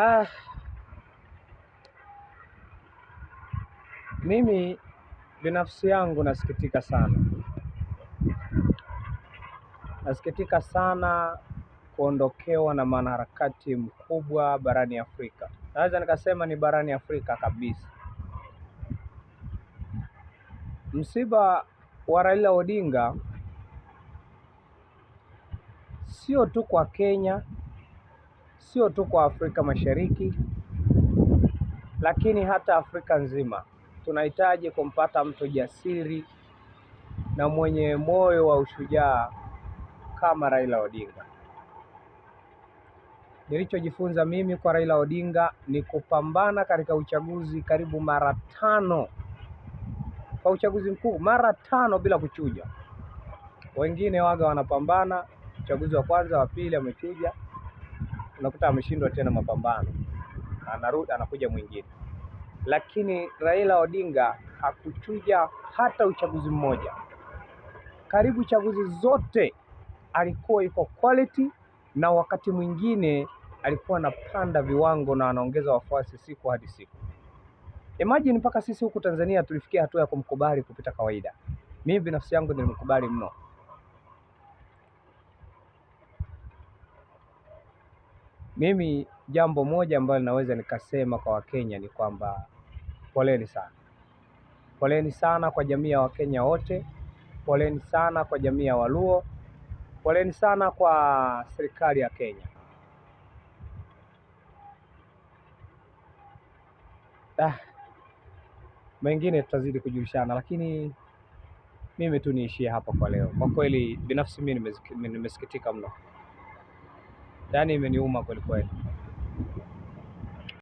Ah, mimi binafsi yangu nasikitika sana, nasikitika sana kuondokewa na mwanaharakati mkubwa barani Afrika. Naweza nikasema ni barani Afrika kabisa. Msiba wa Raila Odinga sio tu kwa Kenya sio tu kwa Afrika Mashariki, lakini hata Afrika nzima. Tunahitaji kumpata mtu jasiri na mwenye moyo wa ushujaa kama Raila Odinga. Nilichojifunza mimi kwa Raila Odinga ni kupambana katika uchaguzi karibu mara tano kwa uchaguzi mkuu, mara tano bila kuchuja. Wengine waga wanapambana uchaguzi wa kwanza, wa pili amechuja, unakuta ameshindwa tena mapambano, anarudi anakuja mwingine. Lakini Raila Odinga hakuchuja hata uchaguzi mmoja, karibu chaguzi zote alikuwa yuko quality, na wakati mwingine alikuwa anapanda viwango na anaongeza wafuasi siku hadi siku. Imagine mpaka sisi huku Tanzania tulifikia hatua ya kumkubali kupita kawaida. Mimi binafsi yangu nilimkubali mno. Mimi jambo moja ambalo naweza nikasema kwa Wakenya ni kwamba poleni sana, poleni sana kwa jamii ya Wakenya wote, poleni sana kwa jamii ya Waluo, poleni sana kwa serikali ya Kenya. Ah, mengine tutazidi kujulishana, lakini mimi tu niishie hapa kwa leo. Kwa kweli binafsi mimi nimesikitika mno yaani imeniuma kwelikweli